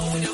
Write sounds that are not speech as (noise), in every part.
no.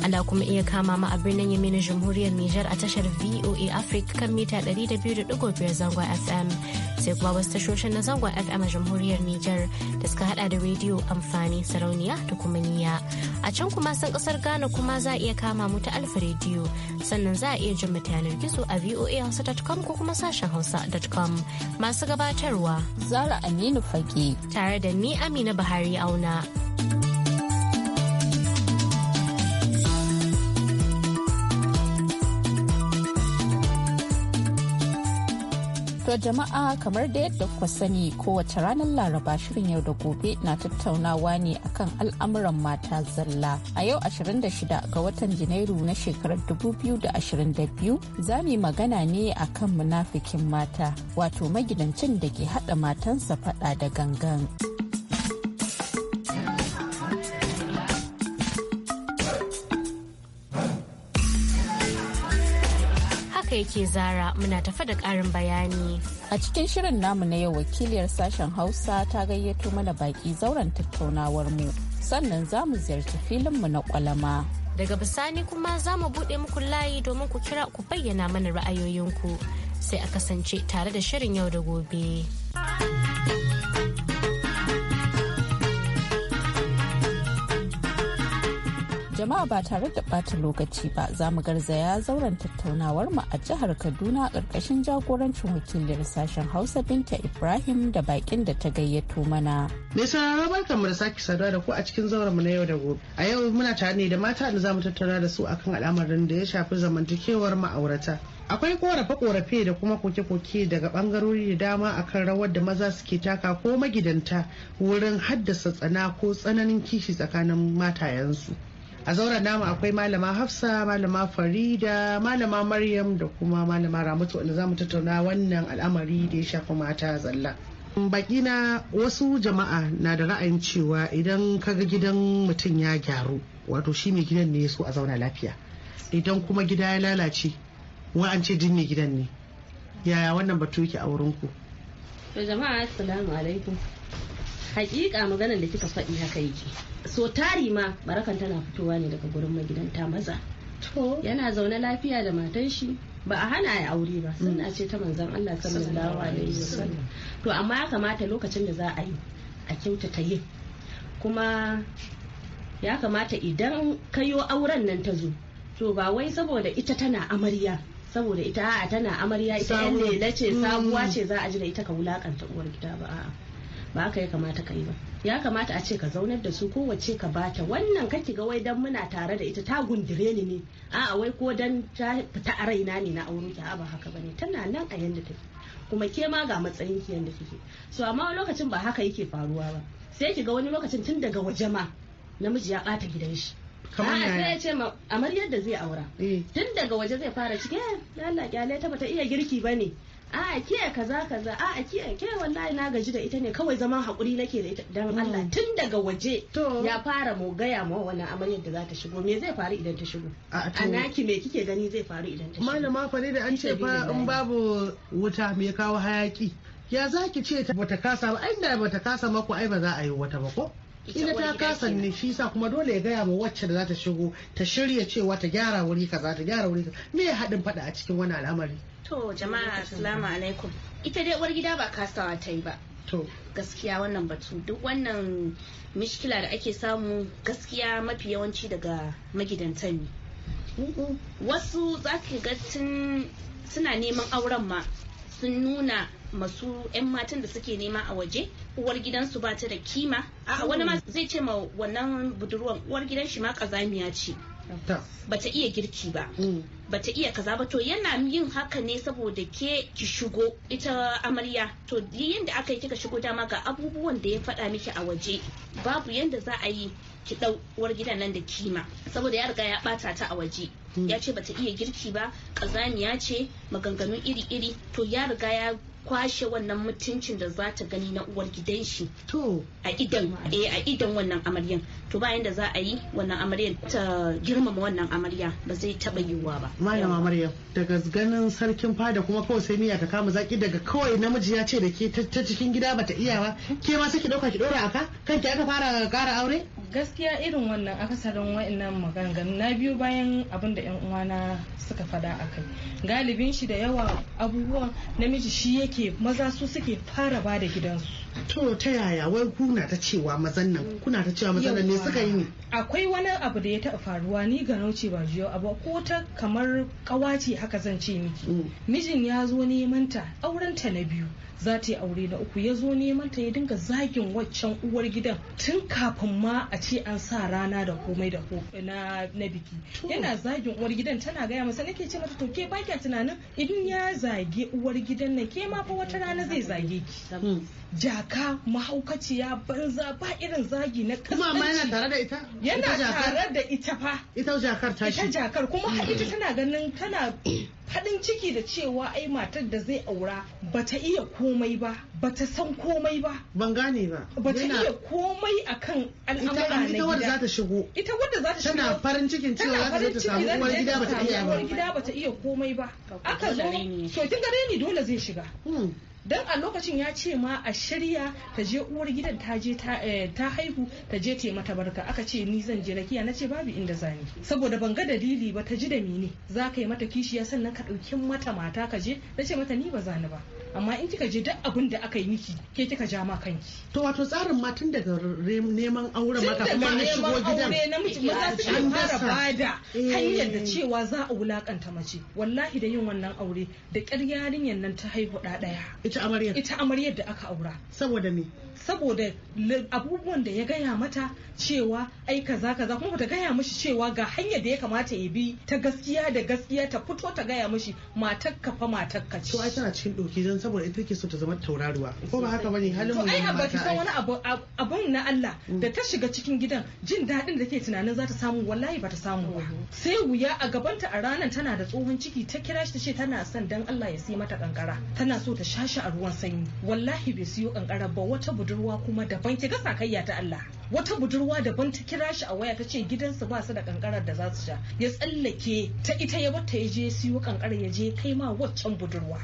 Ala kuma iya kama ma a birnin Yemi na Jamhuriyar Nijar a tashar VOA Africa kan mita 200.5 zangon FM. Sai kuma wasu tashoshin na zangon FM a Jamhuriyar Nijar da suka hada da rediyo amfani sarauniya da kuma niya. A can kuma sun kasar Ghana kuma za a iya kama mu ta alfa rediyo sannan za a iya jin mu yanar gizo a voahausa.com ko kuma sashen hausa.com masu gabatarwa. Zara Aminu Fage. Tare da ni Amina Buhari Auna. To jama'a kamar da yadda kuka sani kowace ranar Laraba shirin yau da gobe na tattaunawa ne akan al'amuran mata zalla. A yau 26 ga watan Janairu na shekarar 2022 za mu magana ne akan munafikin mata wato magidancin da ke haɗa matansa faɗa da gangan. yake zara muna tafa da ƙarin bayani. A cikin shirin namu na yau wakiliyar sashen Hausa ta gayyato mana baƙi zauren tattaunawar mu sannan za mu ziyarci filinmu na kwalama. Daga bisani kuma za mu buɗe muku layi domin ku kira ku bayyana mana ra'ayoyinku sai a kasance tare da shirin yau da gobe. jama'a ba tare da bata lokaci ba za mu garzaya zauren tattaunawar mu a jihar kaduna ƙarƙashin jagorancin wakilin sashen hausa binta ibrahim da bakin da ta gayyato mana mai sauraro barkan mu da sake saduwa da ku a cikin zauren mu na yau da gobe a yau muna tare ne da mata da za mu tattauna da su akan al'amarin da ya shafi zamantakewar ma'aurata akwai korafe-korafe da kuma koke-koke daga bangarori da dama akan rawar da maza suke taka ko magidanta wurin haddasa tsana ko tsananin kishi tsakanin matayensu a zauren namu akwai malama hafsa malama farida malama maryam da kuma malama ramatu wanda za mu tattauna wannan al'amari da ya shafi mata zalla baki na wasu jama'a na da ra'ayin cewa idan kaga gidan mutum ya gyaru wato shi mai gidan ne ya so a zauna lafiya idan kuma gida ya lalace wa'ance jin mai gidan ne yaya wannan batu yake a ku jama'a assalamu alaikum hakika maganar da kika faɗi haka yake so tari ma barakan tana fitowa ne daga gurin magidanta maza yana zaune lafiya da matan shi ba a hana ya aure ba suna ce ta manzon Allah sallallahu alaihi wasallam to amma ya kamata lokacin da za a yi a kyautata yin kuma ya kamata idan kayo auren nan ta zo to ba wai saboda ita tana amarya saboda ita a tana amarya ita yan ce mm. sabuwa ce za a ji da ita ka wulakanta uwar gida ba a'a ba haka ya kamata ka yi ba ya kamata a ce ka zaunar da su kowace ka bata wannan kake ga wai dan muna tare da ita ta gundire ni ne a wai ko dan ta fita a raina ne na aure ta ba haka bane tana nan a yanda take kuma ke ma ga matsayin ki yanda kike so amma lokacin ba haka yake faruwa ba sai ki ga wani lokacin tun daga waje ma namiji ya bata gidan shi kamar yaya sai ya ce amar yadda zai aura eh. tun daga waje zai fara cike eh, Allah kyale ta bata iya girki bane a ke kaza kaza a ke ke wallahi na gaji da ita ne kawai zaman hakuri nake da ita dan Allah mm. tun daga waje ya fara mu gaya mu wannan amarya da za ta shigo me zai faru idan ta shigo a naki me kike gani zai faru idan ta shigo malama fa da an ce fa in babu wuta me kawo hayaki ya zaki ce ta bata kasa ba ai da bata kasa mako ai ba za a yi wata ba ko Ina ta kasa ne shi sa kuma dole ya gaya ma wacce da za ta shigo ta shirya cewa ta gyara wuri kaza ta gyara wuri ka. me ya haɗin fada a cikin wani al'amari To jama'a assalamu alaikum. Ita dai uwar gida ba kasawa ta yi ba. To. Gaskiya wannan batu duk wannan mishkila da ake samu gaskiya mafi yawanci daga magidanta ne. Wasu za ka ga suna neman auren ma sun nuna masu 'yan matan da suke nema a waje uwar gidansu ba ta da kima. A wani ma mm. zai ce ma wannan budurwan uwar gidan shi ma kazamiya ce. bata iya girki ba mm. bata iya kaza ba to yana yin haka ne saboda ke ki shigo ita amarya to yadda aka yi kika shigo dama ga abubuwan da ya faɗa miki a waje babu yadda za a yi ki ɗau uwar gidan nan da kima saboda ya riga ya ɓata ta a waje mm. ya ce bata iya girki ba kazaniya ce maganganu iri-iri to ya riga ya kwashe wannan mutuncin da za ta gani na uwar gidan shi a idan eh, a idan wannan amaryan to bayan da za a yi wannan amaryan ta girmama wannan amarya ba zai taba yiwuwa ba malama amarya daga ganin sarkin fada kuma kawai sai miya ta kama zaki daga kawai namiji ya ce da ke ta cikin gida bata iya ba ke ma sai ki dauka ki dora aka ki aka fara kara aure gaskiya irin wannan akasarin wa'annan maganganu na biyu bayan abin da yan uwana suka fada akai galibin shi da yawa abubuwan namiji shi yake yake maza su suke fara ba da gidansu to ta yaya wai kuna ta cewa mazan nan kuna ta cewa mazan nan ne suka yi ne akwai wani abu da ya taɓa faruwa ni ga nauce ba jiyo abu ko ta kamar kawaci haka zan ce miki mm. mijin ya zo neman ta auren ta na biyu za ta yi aure na uku ya zo neman ta ya dinga zagin waccan uwar gidan tun kafin ma a ce an sa rana da komai da na na biki yana zagin uwar gidan tana gaya masa nake ce mata to ke ba kya tunanin idan ya zage uwar gidan na ke ma fa wata rana zai zage ki hmm. jaka mahaukaciya banza ba irin zagi na kuma amma yana tare da ita yana tare da ita fa ita jakar tashi ita jakar kuma ita hmm. tana ganin tana faɗin ciki da cewa ai matar da zai aura bata iya ko komai ba ba ta san komai ba ban gane ba ba ta iya komai akan al'amura na gida ita wadda za ta shigo ita wadda za ta shigo tana farin cikin cewa za ta samu uwar gida ba ta iya ba uwar gida ba ta iya komai ba aka zo so kin gare ni dole zai shiga hmm. dan a lokacin ya ce ma a shirya ta je uwar gidan ta je ta eh, haihu ta je ta mata barka aka ce ni zan je rakiya na ce babu inda zani saboda ban ga dalili ba ta ji da mene za ka yi mata kishiya sannan ka ɗauki mata mata ka je na ce mata ni ba zani ba amma in kika je duk abin da aka yi miki ke kika ja ma kanki to wato tsarin ma tun daga neman aure maka kuma na shigo gidan namiji maza su fara bada eh. hanyar da cewa za a wulakanta mace wallahi da yin wannan aure da ƙyar yarinyar nan ta haihu ɗaya ita amaryar ita amaryar da aka aura saboda me saboda abubuwan da ya gaya mata cewa ai kaza kaza kuma bata gaya mishi cewa ga hanya da ya kamata ya bi ta gaskiya da gaskiya ta fito ta gaya mishi matar ka fa matar ka ce ai tana cikin doki dan saboda ita take so ta zama tauraruwa ko ba haka bane halin mu ne ki san wani abu abun na Allah mm. da ta shiga cikin gidan jin dadin da take tunanin za ta samu wallahi ta samu ba mm-hmm. sai wuya a gabanta a ranar tana da tsohon ciki ta kira shi ta ce tana son dan Allah ya sai mata kankara tana so ta shasha shi a ruwan sanyi wallahi bai siyo kankara ba wata budurwa kuma daban ki ga sakayya ta Allah wata budurwa daban ta kira shi a waya ta ce gidansu ba su da kankarar da za su sha ya tsallake ta ita ya bata ya je siyo kankara ya je kai ma waccan budurwa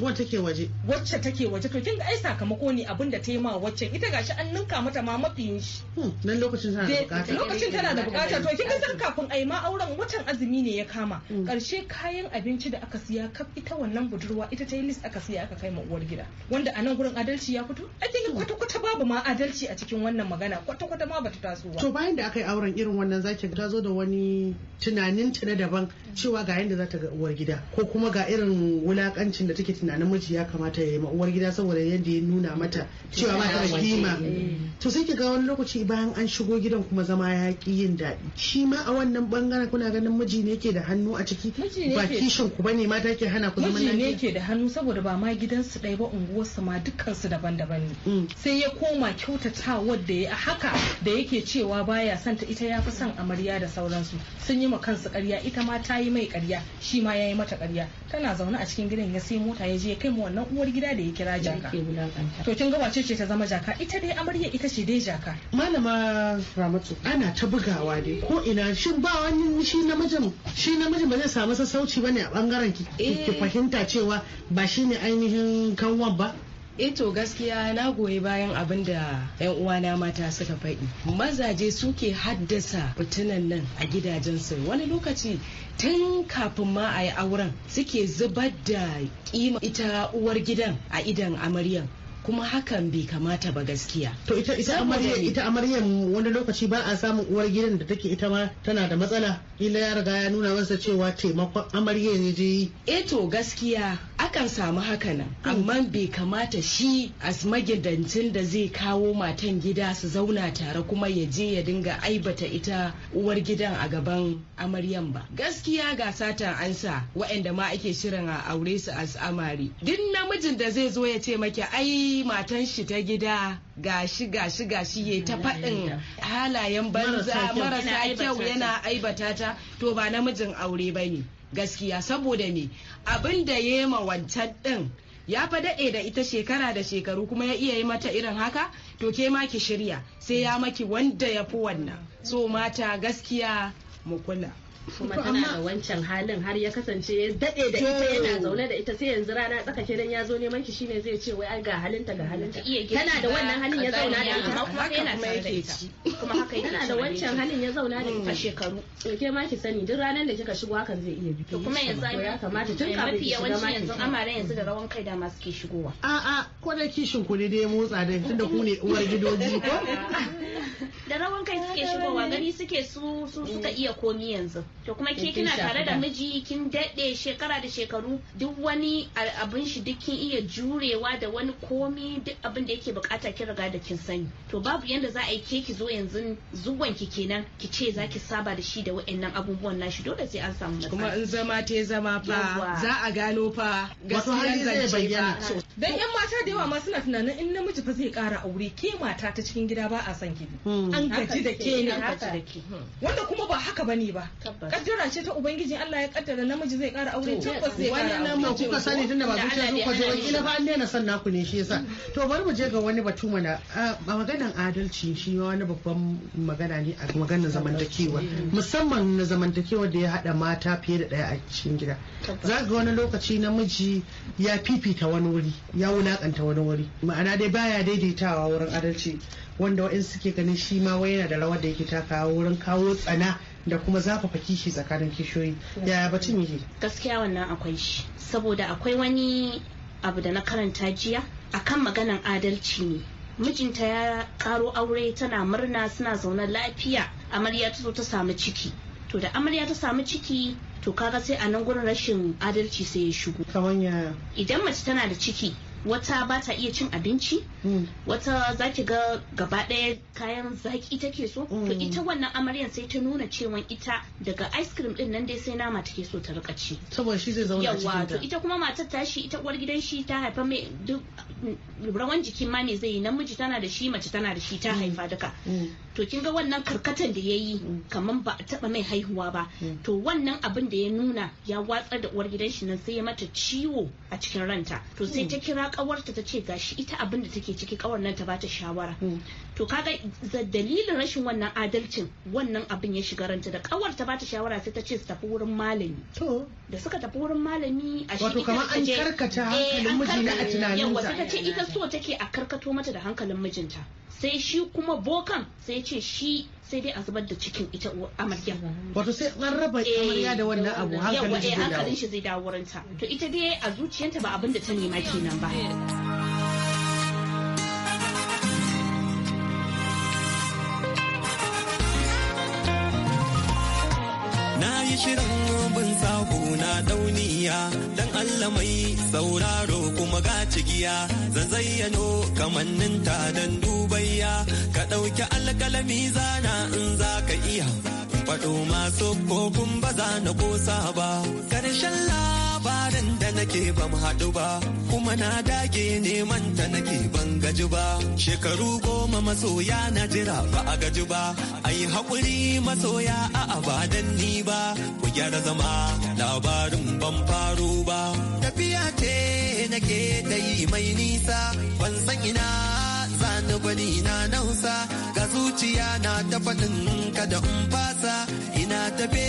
wacce take waje wacce take waje to kin ga ai sakamako ne abin da ta yi ma wacce ita gashi an ninka mata ma mafiyin shi nan hmm, lokacin tana da bukata lokacin tana da bukata to kin ga san kafin ai ma auren watan azumi ne ya kama hmm. karshe kayan abinci da aka siya kaf ita wannan budurwa ita ta yi list aka siya aka kai ma uwar gida wanda a nan gurin adalci ya fito a cikin hmm. kwata kwata babu ma adalci a cikin wannan magana kwata kwata ma bata taso to bayan da aka yi auren irin wannan zaki ta zo da wani tunanin ta na daban cewa ga yanda za ta ga uwar gida ko kuma ga irin wulakancin da take tunanin miji ya kamata ya yi uwar gida saboda yadda ya nuna mata cewa ba ta da kima to sai ki ga wani lokaci bayan an shigo gidan kuma zama ya ki yin daɗi shi ma a wannan bangaren kuna ganin miji ne ke da hannu a ciki ba kishin ku bane mata ke hana ku zama lafiya ne ke da hannu saboda ba ma gidan su ɗaya ba unguwarsu ma dukkan su daban-daban ne mm. sai ya koma kyautata wadda ya haka da yake cewa baya son ta ita ya fi son amarya da sauransu sun yi ma kansu ƙarya ita ma ta yi mai ƙarya shi ma ya yi mata ƙarya tana zaune a cikin gidan ya sai mota ya je ya kai mu wannan uwar gida da ya kira jaka to kin ga wace ce ta zama jaka ita dai amarya ita ce dai jaka malama ramatu ana ta bugawa dai ko ina shin ba wani shi namijin shi namijin ba zai samu sassauci bane a bangaren ki ki eh. fahimta cewa ba shine ainihin kanwan ba eto eh gaskiya na goyi bayan abin da 'yan uwana mata suka faɗi mazaje suke haddasa fitinan nan a gidajensu wani lokaci tun kafin ma a yi auren suke zubar da kima ita uwar gidan a idan amaryan kuma hakan bai kamata ba gaskiya to ita amaryan wani lokaci ba a samun uwar gidan da take ita ma tana da matsala ila ya riga ya nuna masa cewa taimakon amarya ne je eh to gaskiya akan samu hakanan amma bai kamata shi as magidancin da zai kawo matan gida su zauna tare kuma ya je ya dinga aibata ita uwar gidan a gaban amaryan ba gaskiya ga satan ansa waɗanda ma ake shirin a aure su as amari duk namijin da zai zo ya ce maki ai matan shi ta gida gashi gashi gashi ya ta faɗin halayen banza marasa kyau yana aibata ta to ba namijin aure ba ne gaskiya saboda me abin da ya yi wancan ɗin ya fa daɗe da ita shekara da shekaru kuma ya iya yi mata irin haka to ke ma ki shirya sai ya maki wanda ya fi wannan so mata gaskiya mu kula. kuma tana da wancan halin har ya kasance ya dade da ita yana zaune da ita sai yanzu rana tsakake dan ya zo neman ki shine zai ce wai ai ga halinta ga halinta tana da wannan halin ya zauna da ita kuma yana tsare da kuma haka yana da wancan halin ya zauna da ita shekaru ke ma ki sani duk ranar da kika shigo hakan zai iya biki kuma yanzu ya kamata tun eh, kafin ki shiga ma yanzu amare yanzu da rawan kai da masu ke shigowa a a ko da kishin ku ne dai motsa da tunda ku ne uwar gidoji ko da rawan kai suke shigowa gani suke su suka iya komi yanzu to kuma ke kina tare da miji kin daɗe shekara da shekaru duk wani abin shi duk kin iya jurewa da wani komi duk abin da yake bukata kin riga da kin sani to babu yanda za a yi ke ki zo yanzu zuwan ki kenan ki ce za ki saba da shi da wa'annan abubuwan nashi dole sai an samu kuma in zama te zama fa za a gano fa gaskiya zance fa dan yan mata da yawa ma suna tunanin in namiji fa zai kara aure ke mata ta cikin gida ba a san ki hmm. an gaji da ke ne wanda kuma ba haka bane ba kaddara ce ta ubangiji Allah ya kaddara namiji zai kara aure tabbas zai kara wani nan kuka sani tunda ba zuciya zo kwaje wani ina fa an daina san naku ne shi yasa to bari mu je ga wani batu mana a maganan adalci shi wani babban magana ne a maganar zamantakewa musamman na zamantakewa da ya hada mata fiye da daya a cikin gida za ga wani lokaci namiji ya fifita wani wuri ya wulakanta wani wuri ma'ana dai baya daidaitawa wurin adalci wanda wa'in suke ganin shi ma wai yana da rawar da yake takawa wurin kawo tsana da kuma zafafa kishi tsakanin kishiyoyi yaya batun gaskiya wannan akwai shi saboda akwai wani abu da na karanta jiya akan maganan adalci ne mijinta ya karo aure tana murna suna zaune lafiya amarya ta zo ta samu ciki to da amarya ta samu ciki to kaga sai a nan gurin rashin adalci sai ya shigo idan mace tana da ciki wata ba ta iya cin abinci hmm. wata za ki ga gaba ɗaya kayan zaki take so to hmm. ita wannan amaryan sai ta nuna cewa ita daga ice cream din nan dai sai nama take so ta rika ci saboda shi zai zauna cikin ta ita kuma matar ta shi ita uwar gidan shi ta haifa mai duk mm, rawan jikin ma me zai yi namiji tana da shi mace tana da shi ta hmm. haifa duka to kin ga wannan karkatan da ya yi kamar ba a taba mai haihuwa ba to wannan abin da ya nuna ya watsar da uwar gidan shi nan sai ya mata ciwo a cikin ranta to sai ta kira kawarta ta ce gashi ita abin da take ciki kawar nan ta bata shawara hmm. to kaga da dalilin rashin wannan adalcin wannan abin ya shiga ranta da kawar ta bata shawara sai ta ce su tafi wurin malami to da suka tafi wurin malami a shi wato kamar an karkata eh, hankalin mijinta a tunaninta yawa ta ce ita so take a karkato mata da hankalin mijinta sai shi kuma bokan sai ce shi sai dai a zubar da cikin ita amarya wato sai an raba eh, amarya da wannan abu eh, hankalin shi zai dawo wurinta to ita dai a zuciyanta ba abin da ta nema kenan ba Na yi shirin bin sako na dauniya malamai sauraro kuma ga cigiya zan zayyano ta don dubayya ka ɗauki alkalami zana in za ka iya faɗo masu kofin ba na ko ba ƙarshen la labarin da nake ban haɗu ba kuma na dage neman ta nake ban gaji ba shekaru goma masoya na jira ba a gaji ba ai haƙuri masoya a abadan ni ba ku gyara zama labarin ban faru ba tafiya ce nake ta yi mai nisa ban san ina zani bani na nausa ga zuciya na ta faɗin kada in fasa ina tafe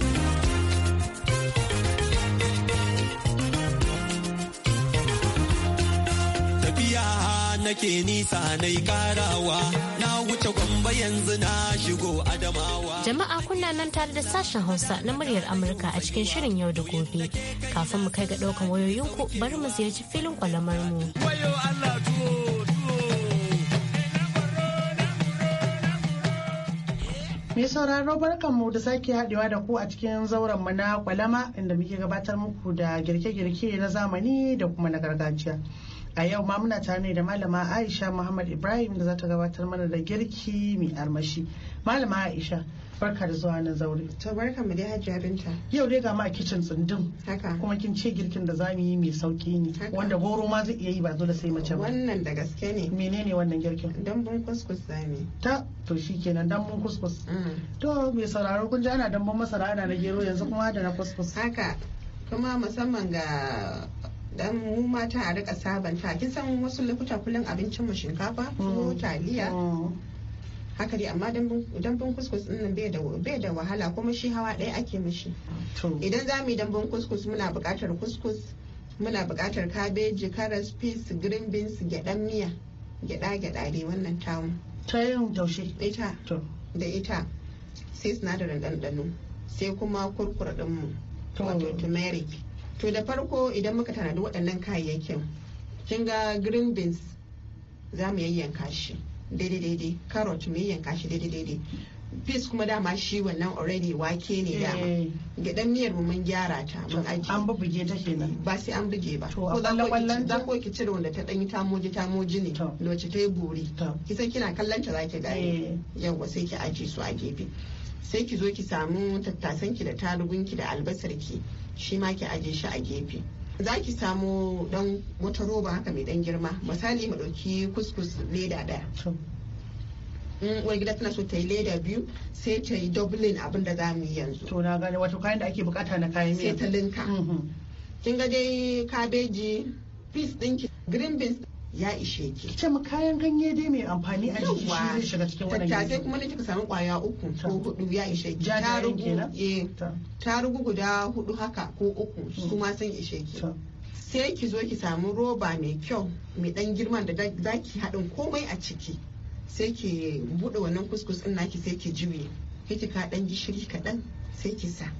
nake nisa na karawa na wuce gwamba yanzu na shigo adamawa. Jama'a kuna nan tare da sashen Hausa na muryar Amurka a cikin shirin yau da gobe. Kafin mu kai ga ɗaukan ku bari mu ziyarci filin kwalamar mu. Mai sauraro barkanmu da sake haɗewa da ku a cikin zauren mu na kwalama inda muke gabatar muku da girke-girke na zamani da kuma na gargajiya. a yau ma muna tare da malama aisha muhammad ibrahim da za ta gabatar mana da girki mai armashi malama aisha barka da zuwa na zaure to barka mu dai hajiya binta yau dai ga ma a kicin tsindin haka kuma kin ce girkin da zamu yi mai sauki ne wanda goro ma zai iya yi ba dole sai mace ba wannan da gaske ne menene wannan girkin dambun kuskus zamu ta to shikenan bun kuskus mm. to mai sauraro kun ji ana dambun masara ana na gero yanzu kuma da na kuskus haka kuma musamman ga dan mu mata a rika sabanta kin kisan wasu lokuta kullum abincin mu shinkafa ko mm. taliya mm. haka dai amma dambun kuskus din nan bai da wahala kuma shi hawa ɗaya ake mishi idan za mu yi dambun kuskus muna buƙatar kuskus muna buƙatar kabeji karas peas green beans gyaɗan miya gyaɗa gyaɗa dai wannan tamu. ta yin taushe ita da ita sai sinadarin ɗanɗano sai kuma kurkur ɗinmu wato turmeric to da farko idan muka tanadi waɗannan kayayyakin kin ga green beans za mu yayyanka shi daidai daidai carrot mu yayyanka shi daidai daidai peas kuma dama shi wannan already wake ne dama eh. Gidan miyar mu mun gyara ta mun aji an bubbuge ta kenan ba sai an buge ba ko za ko ki cire wanda ta danyi tamoji tamoji ne loci ta yi Ki san kina kallon ta zaki gane eh. yawa sai ki aji su a gefe sai ki zo ki samu tattasan ki da tarugun ki da albasar ki shi ma ke aje shi a gefe za ki samu dan wata roba haka mai dan girma misali mu dauki kuskus leda daya in wai gida tana so ta yi leda biyu sai ta yi dublin abin da za mu yi yanzu to na gane wato kayan da ake bukata na kayan miya sai ta linka mm-hmm. kin ga dai kabeji peas dinki green beans ya ishe ki ce mu kayan ganye dai mai amfani a jiki shi zai shiga cikin wannan tattasai kuma ne kika samu kwaya uku ko hudu ya ishe ki eh, ta rugu guda hudu haka ko uku hmm. su ma sun ishe ki sai ki zo ki samu roba mai kyau mai dan girma da zaki ki haɗin komai a ciki sai ki buɗe wannan kuskus ɗin naki sai ki juye sai ki ka ɗan gishiri kaɗan sai ki sa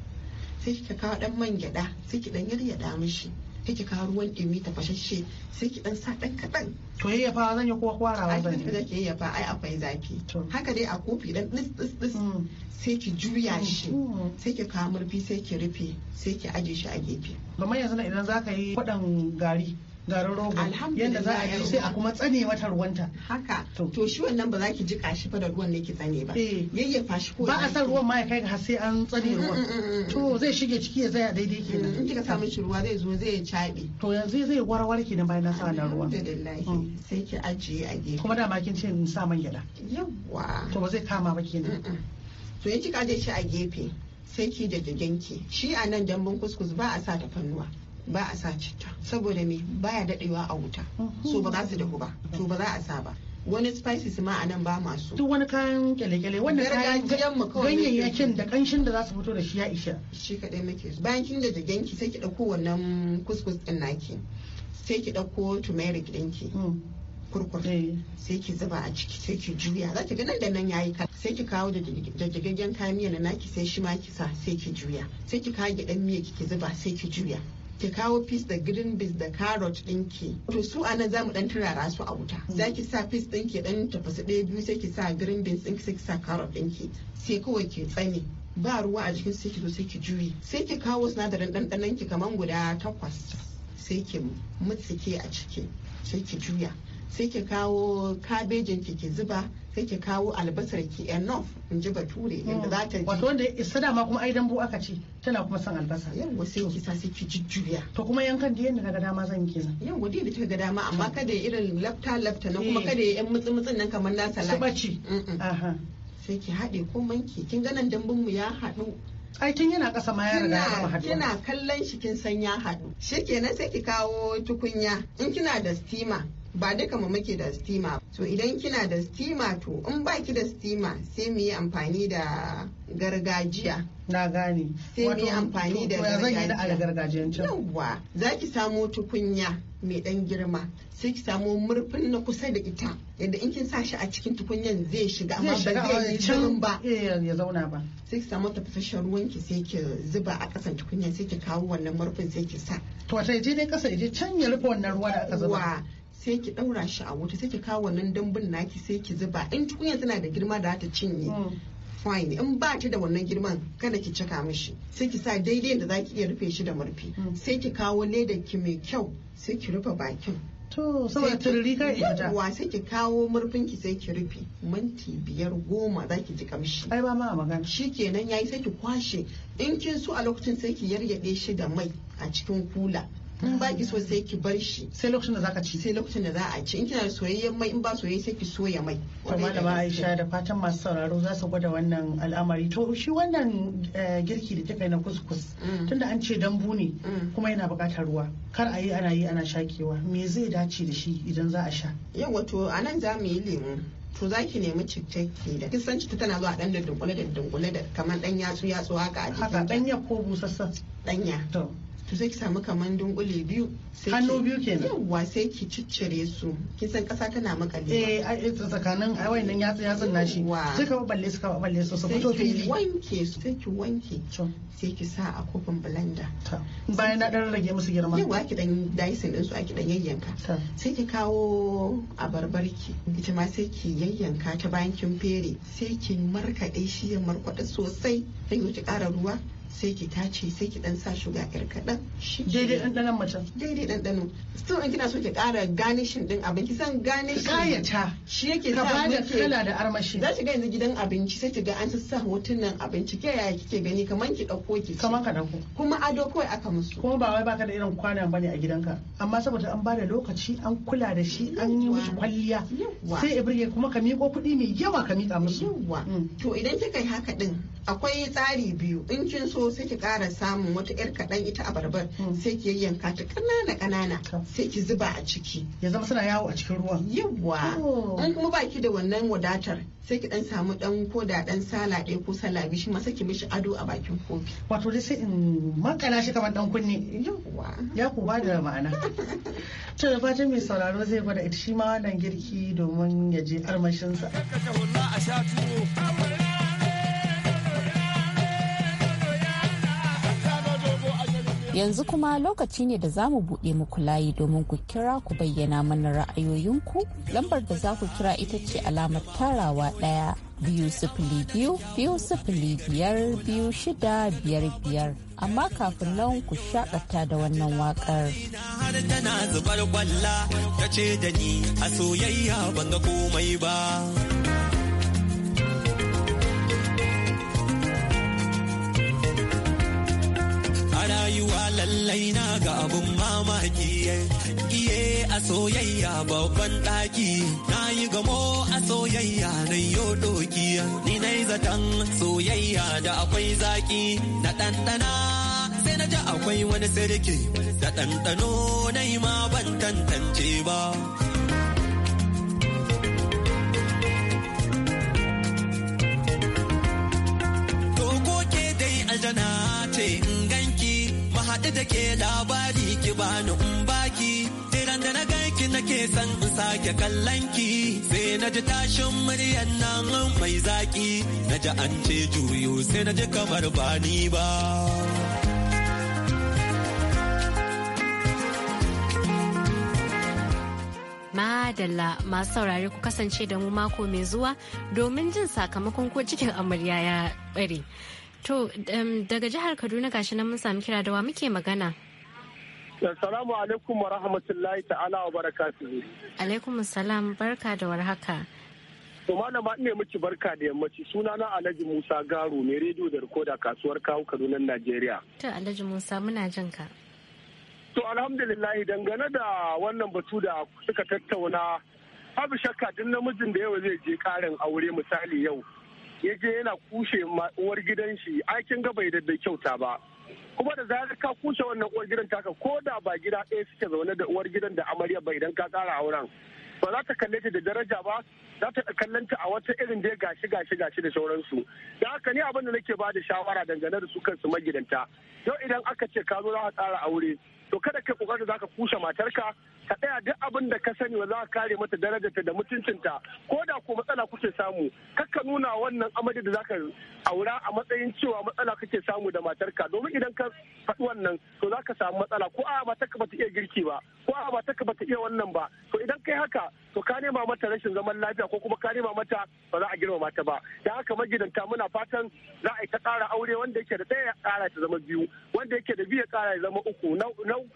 sai ki kawo ɗan man gyaɗa sai ki ɗan yaryaɗa mishi sai ki kawo ruwan dumi fashashe sai ki dan sa dan kadan to yayyafa zan yi kuwa wa zan yi zaki yayyafa ai akwai zafi haka dai a kofi dan dis dis dis hmm. sai ki juya hmm. shi hmm. sai ki kawo murfi sai ki rufe sai ki aje shi a gefe kamar yanzu idan zaka yi kwadan gari garin rogo yadda za a yi sai a kuma tsane mata ruwanta haka to shi wannan ba za ki jika shi fa da ruwan ne ki tsane ba eh. yayyafa shi ko ba a san ruwan ma ya kai har sai an tsane mm, mm, ruwan mm, to zai shige ciki ya tsaya daidai kenan in kika sa mishi ruwa zai zo zai chabe to yanzu zai warware ki na bayan na sa na ruwa sai ki ajiye a gefe kuma ma kin ce in sa man gyada yawa to ba zai kama ba kenan to ya kika da shi a gefe sai ki da jigenki shi a nan dambun kuskus ba a sa fannuwa. ba a sa citta saboda me baya dadewa a wuta so ba za su dahu ba to ba za a sa ba wani spices ma a nan ba masu duk wani kayan kyale-kyale wanda kayan ganyayyakin da kanshin da za su fito da shi ya isha shi kadai muke bayan kin da jagenki sai ki dauko wannan kuskus din naki sai ki dauko turmeric dinki hmm. kurkur eh. sai ki zuba a ciki sai ki juya za ki ga nan da nan yayi ka sai ki kawo da jajjagaggen kayan miya na naki sai shi ma ki sa sai ki juya sai ki kawo gidan miya ki zuba sai ki juya ki kawo peas da green beans da carrot ɗinki to su anan za mu dan turara su a wuta za ki sa peas ɗinki dan tafasa ɗaya biyu sai ki sa green beans ɗinki sai ki sa carrot ɗinki sai kawai ki tsane ba ruwa a jikin sai ki zo sai ki juyi. sai ki kawo sinadarin ɗanɗanon ki kaman guda takwas sai ki mutsike a ciki sai ki juya sai ki kawo kabejin ki ki zuba sai ki kawo albasar ki enough in ji bature inda za ta ji wato wanda isa dama kuma ai dambu aka ce tana kuma son albasa yawa sai ki sa sai ki jujjuya to kuma yankan da yadda daga dama zan yi kenan yawa da ta daga dama amma kada ya irin lafta lafta na kuma eh. kada ya yan mutsi mutsin nan kamar na salati su bace sai ki haɗe komai ki kin ganan dambun mu ya haɗu ai yana ƙasa ma ya riga ya gama haɗuwa kina kallon shi kin san ya haɗu shikenan sai ki kawo tukunya in kina da steamer ba duka mu muke da steamer so idan kina da steamer to in ba ki da steamer sai mu yi amfani da gargajiya na gane sai mu yi amfani da gargajiya yawwa za ki samo tukunya mai dan girma sai ki samo murfin na kusa da ita yadda in kin sa shi a cikin tukunyan zai shiga amma ba zai yi eh, ba ya zauna ba sai ki samu tafasasshen ruwan ki sai ki zuba a kasan tukunyan sai ki kawo wannan murfin sai ki sa to ta je ne kasa je can ya rufe wannan ruwa da aka zuba sai ki daura shi a wuta sai ki kawo wannan dambun naki sai ki zuba in tukunya tana da girma da ta cinye mm. fine in ba ta da wannan girman kada ki cika mishi sai ki sa daidai da zaki iya rufe shi da murfi mm. sai ki kawo ledar ki mai kyau sai ki rufe bakin to saboda tururi kai ya wa sai ki kawo murfin ki sai ki rufe minti biyar goma zaki ji kamshi ai ba ma magana shikenan yayi sai ki kwashe in kin so a lokacin sai ki yaryade shi da mai a cikin kula in ba ki so sai ki bar shi sai lokacin da zaka ci sai lokacin da za a ci in kina soyayyen mai in ba soyayya sai ki soya mai to malama Aisha da fatan masu sauraro za su gwada wannan al'amari to shi wannan eh, girki da kai na kuskus mm. tunda an ce dambu ne mm. kuma yana buƙatar ruwa kar a yi ana yi ana shakewa me zai dace da shi idan za a sha yawa to anan za mu yi lemu to za ki nemi cikakke da kisan san tana zuwa dan da dunkule da dunkule da kamar dan yatsu yatsu haka a jikin haka danya ko busassa danya to to sai ki samu kaman dunkule biyu hannu biyu kenan yawwa sai ki ciccire su kin san kasa tana makale eh, eh a tsakanin a wayannan yatsun san nashi ka balle suka balle su su fito fili wanke su sai ki wanke sai ki sa a kofin blender bayan na dan rage musu girma yawwa ki dan dicing din su a ki dan yayyanka sai ki kawo barbarki ita ma sai ki yayyanka ta bayan kin fere sai ki markaɗe shi ya markwada sosai sai ki ƙara ruwa sai ki tace sai ki dan sa shuga yar kadan daidai dandanon macen daidai dandano so in kina so ki kara ganishin din abin ki san garnishing kayata shi yake sa bada kala da armashi za ki ga yanzu gidan abinci sai ki ga an sa hotunan abinci ke yaya kike gani kaman ki dauko ki kaman ka dauko kuma ado kawai aka musu kuma ba wai baka da irin kwana bane a gidanka amma saboda an bada lokaci an kula da shi an yi mishi kwalliya sai Ibrahim kuma ka miƙo kuɗi mai yawa ka miƙa musu mm. to idan kika yi haka din akwai tsari biyu in kin so so sai ki ƙara samun wata yar kaɗan ita abarbar hmm. sai ki yanka ta ƙanana ƙanana sai ki zuba a ciki ya zama suna yawo a cikin ruwan yawa an oh. kuma baki da wannan wadatar sai ki dan samu dan ko da dan sala ɗaya ko sala biyu shi ma sai ki mishi ado a bakin kofi wato dai sai in makala shi kamar dan kunne yawa ya ku ba da ma'ana (laughs) to da fatan mai sauraro zai gwada ita shi ma wannan girki domin ya je armashinsa Yanzu kuma lokaci ne da za mu buɗe muku layi domin ku kira ku bayyana mana ra'ayoyinku. Lambar da za ku kira ita ce alamar tarawa ɗaya biyu sifili biyu biyu sifili biyar biyu shida biyar biyar. Amma kafin nan ku shaƙata da wannan waƙar. tana zubar kwalla ta da ni a soyayya ban komai ba. Aina ga abun mamaki iye a soyayya babban ɗaki na yi gamo a soyayya na yo doki ni na zaton soyayya da akwai zaki na ɗanɗana sai na ji akwai wani sarki da ɗanɗano na yi ma ban tantance ba haɗu da ke labari ki bani in baki tiran da na ganki nake san in sake kallon ki sai na ji tashin muryan nan mai zaki na ji an ce juyo sai na ji kamar ba ni ba. Madalla masu saurare ku kasance da mu mako mai zuwa domin jin sakamakon ko cikin amarya ya bare. To daga jihar Kaduna gashi nan mun sami kira da wa muke magana. Assalamu alaikum wa rahmatullahi ta'ala wa barakatuhu. Alaikum salam barka da warhaka. To malama ne miki barka da yammaci sunana Alhaji Musa Garu mai rediyo da rikoda kasuwar kawo Kaduna Najeriya. To Alhaji Musa muna jin ka. To alhamdulillah dangane da wannan batu da suka tattauna babu shakka duk namijin da yawa zai je karin aure misali yau ya je yana kushe uwar gidan shi aikin ga bai da kyauta ba kuma da zarar ka kushe wannan uwar gidan taka ko da ba gida ɗaya suke zaune da uwar gidan da amarya ba idan ka tsara auren ba za ta kalle ta da daraja ba za ta kallanta a wata irin da ya gashi gashi gashi da sauransu da haka ni abin da nake ba da shawara dangane da su kansu magidanta yau idan aka ce ka zo za a tsara aure to kada kai kokarin zaka kushe matarka ka tsaya duk abin da ka sani ba za ka kare mata darajarta da mutuncinta ko da ko matsala kuke samu ka nuna wannan amadi da zaka aura a matsayin cewa matsala kake samu da matarka domin idan ka faɗi wannan to za ka samu matsala ko a ka bata iya girki ba ko a ka bata iya wannan ba to idan kai haka to ka nema mata rashin zaman lafiya ko kuma ka nema mata ba za a girmama ta ba da haka magidanta muna fatan za a yi ta tsara aure wanda yake da ɗaya ya tsara ta zama biyu wanda yake da biyu ya tsara ya zama uku na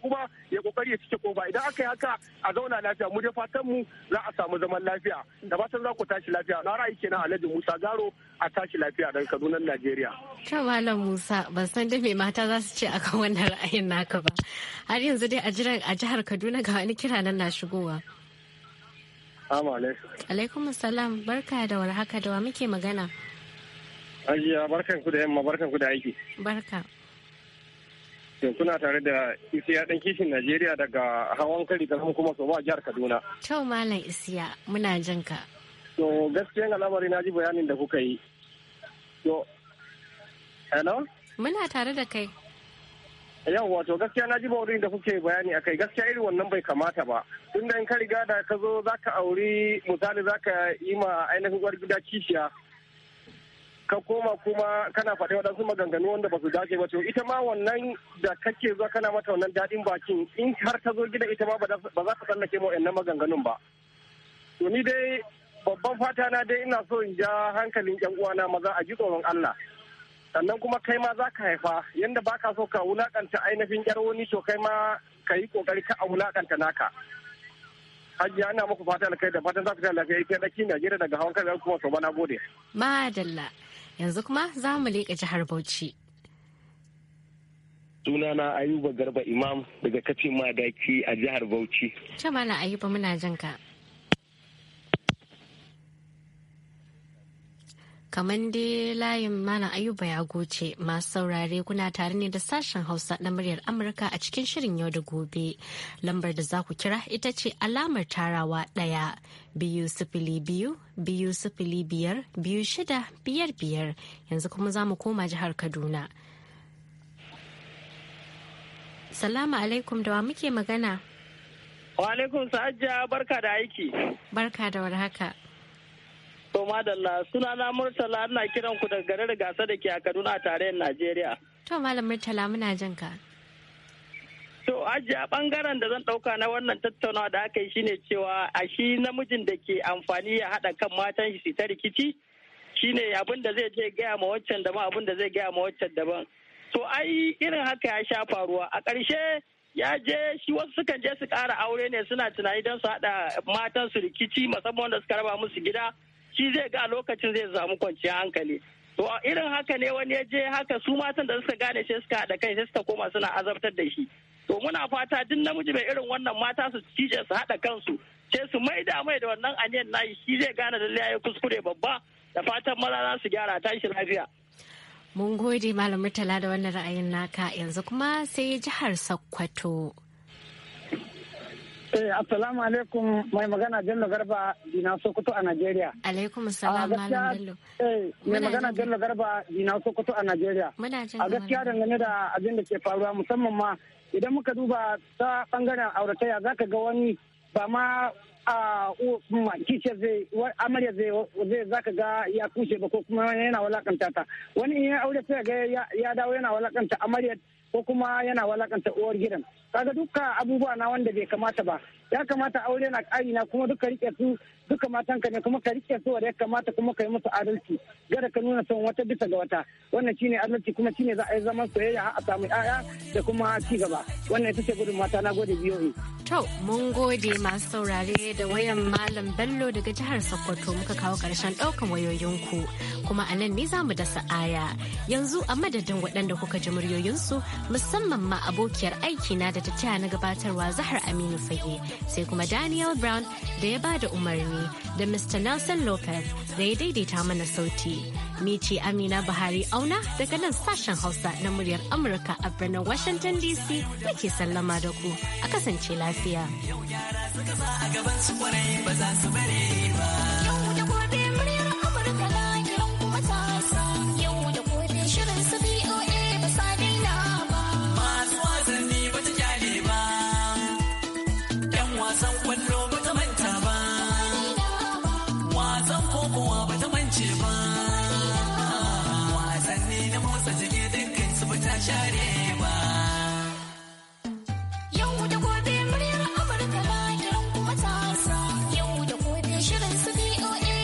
kuma ya kokari ya cike ƙofa idan aka yi haka sa a zauna lafiya mu dai fatan mu za a samu zaman lafiya da fatan za ku tashi lafiya na ra'ayi kenan Alhaji Musa Garo a tashi lafiya dan Kaduna Najeriya ta malam Musa ban san da me mata za su ce akan wannan ra'ayin naka ba har yanzu dai a jihar Kaduna ga wani kira nan na shigowa alaikum. salam barka da warhaka da wa muke magana. Ajiya barkan ku da yamma barkan ku da aiki. Barka. To kuna tare da Isiya ɗan kishin Najeriya daga hawan kari kasan kuma so ba jihar Kaduna. Tau Malam Isiya muna jin ka. To gaskiyan al'amari na ji bayanin da kuka yi. To, hello? Muna tare da kai. Yau wato gaskiya na ji bayanin da kuke bayani a kai gaskiya irin wannan bai kamata ba. Tun da in ka riga da ka zo za ka auri misali za ka yi ma ainihin gwargida kishiya ka koma kuma kana faɗi waɗansu maganganu wanda ba su dace ba to ita ma wannan da kake zuwa kana mata wannan daɗin bakin in har ta zo gida ita ma ba za ta tsallake mu wannan maganganun ba to ni dai babban fata na dai ina so in ja hankalin yan uwana maza a ji tsoron Allah sannan kuma kai ma za ka haifa yanda baka so ka wulakanta ainihin ƴar wani to kai ma ka yi kokari ka a wulakanta naka Hajiya ana muku fata alkai da fatan za ku lafiya ita daki Najeriya daga hawan kai kuma so na gode. Madalla. Yanzu kuma za mu leƙa jihar Bauchi. Sunana Ayuba Garba Imam daga kafin madaki a jihar Bauchi. mana Ayuba muna jin ka. kamar dai layin malam ayuba ya goce masu saurare kuna tare ne da sashen hausa na muryar amurka a cikin shirin yau da gobe lambar da za ku kira ita ce alamar tarawa ɗaya biyu sifili biyu biyu sifili biyar biyu shida biyar biyar yanzu kuma za mu koma jihar kaduna salamu alaikum da wa muke magana wa alaikum sa'ajja barka da aiki barka da warhaka haka To madalla suna na Murtala na kiran ku daga garin gasa da ke a Kaduna a tarayyar Najeriya. To malam Murtala muna jin ka. To a bangaren da zan dauka na wannan tattaunawa da aka yi shine cewa a shi namijin da ke amfani ya haɗa kan matan shi ta rikici shine abin da zai je gaya ma waccan daban abin da zai gaya ma waccan daban. To ai irin haka ya sha faruwa a ƙarshe ya je shi wasu sukan je su ƙara aure ne suna tunani don su haɗa matan su rikici musamman wanda suka raba musu gida shi zai ga lokacin zai samu kwanciya hankali to irin haka ne wani ya je haka su matan da suka gane shi suka haɗa kai sai suka koma suna azabtar da shi to muna fata duk namiji mai irin wannan mata su cije su haɗa kansu sai su mai da mai da wannan aniyan nayi shi zai gane da ya kuskure babba da fatan maza za su gyara tashi lafiya mun gode malam murtala da wannan ra'ayin naka yanzu kuma sai jihar sokoto Eh, assalamu alaikum mai magana jello Garba Dina Sokoto a Najeriya. Alaikum salam Malam jello Eh, mai magana jello Garba Dina Sokoto a Najeriya. A gaskiya dangane da abin da ke faruwa musamman ma idan muka duba ta bangaren za zaka ga wani ba ma a kishe zai amarya zai zai zaka ga ya kushe ba ko kuma yana walakanta ta wani in ya aure sai ga ya dawo yana walakanta amarya. ko kuma yana walakanta uwar gidan kaga duka abubuwa na wanda bai kamata ba ya kamata aure na ƙari na kuma duka rike su duka matanka ne kuma ka rike su wanda ya kamata kuma ka yi musu adalci gada ka nuna son wata bisa ga wata wannan shine adalci kuma shine za a yi zaman soyayya a samu ƴaƴa da kuma ci gaba wannan ita ce gudun mata na gode ne to mun gode masu saurare da wayan malam bello daga jihar sokoto muka kawo karshen ɗaukan wayoyinku kuma a nan ne za mu dasa aya yanzu a madadin waɗanda kuka ji muryoyinsu musamman ma abokiyar aiki na da ta na gabatarwa zahar aminu fahe sai kuma Daniel Brown da ya ba da umarni da Mr. Nelson Lopez da ya daidaita mana sauti. Ni ce Amina Buhari auna daga nan sashen Hausa na muryar Amurka a birnin Washington DC nake sallama da ku a kasance lafiya.